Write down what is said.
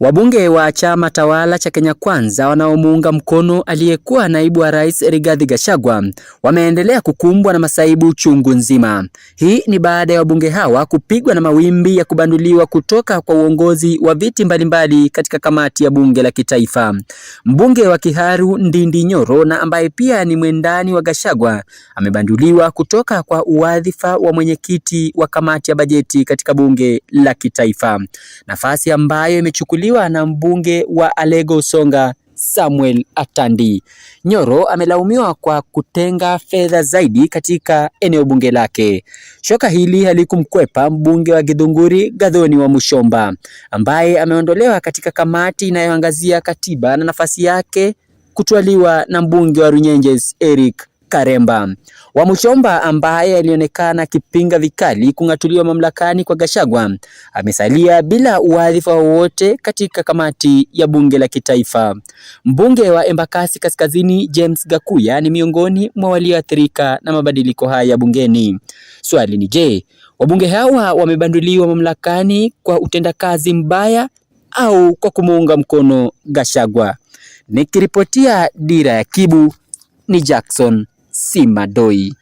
Wabunge wa chama tawala cha Kenya Kwanza wanaomuunga mkono aliyekuwa naibu wa rais Rigathi Gachagua wameendelea kukumbwa na masaibu chungu nzima. Hii ni baada ya wabunge hawa kupigwa na mawimbi ya kubanduliwa kutoka kwa uongozi wa viti mbalimbali katika kamati ya bunge la kitaifa. Mbunge wa Kiharu Ndindi Nyoro na ambaye pia ni mwendani wa Gachagua amebanduliwa kutoka kwa uwadhifa wa mwenyekiti wa kamati ya bajeti katika bunge la kitaifa, nafasi ambayo imechukuliwa kufunguliwa na mbunge wa Alego Usonga Samuel Atandi. Nyoro amelaumiwa kwa kutenga fedha zaidi katika eneo bunge lake. Shoka hili halikumkwepa mbunge wa Githunguri Gathoni wa Mushomba ambaye ameondolewa katika kamati inayoangazia katiba na nafasi yake kutwaliwa na mbunge wa Runyenjes Eric Karemba. Wamuchomba ambaye alionekana akipinga vikali kung'atuliwa mamlakani kwa Gachagua amesalia bila wadhifa wowote katika kamati ya bunge la kitaifa. Mbunge wa Embakasi Kaskazini James Gakuya ni miongoni mwa walioathirika na mabadiliko haya bungeni. Swali ni je, wabunge hawa wamebanduliwa mamlakani kwa utendakazi mbaya au kwa kumuunga mkono Gachagua? Nikiripotia Dira ya Kibu ni Jackson si madoi.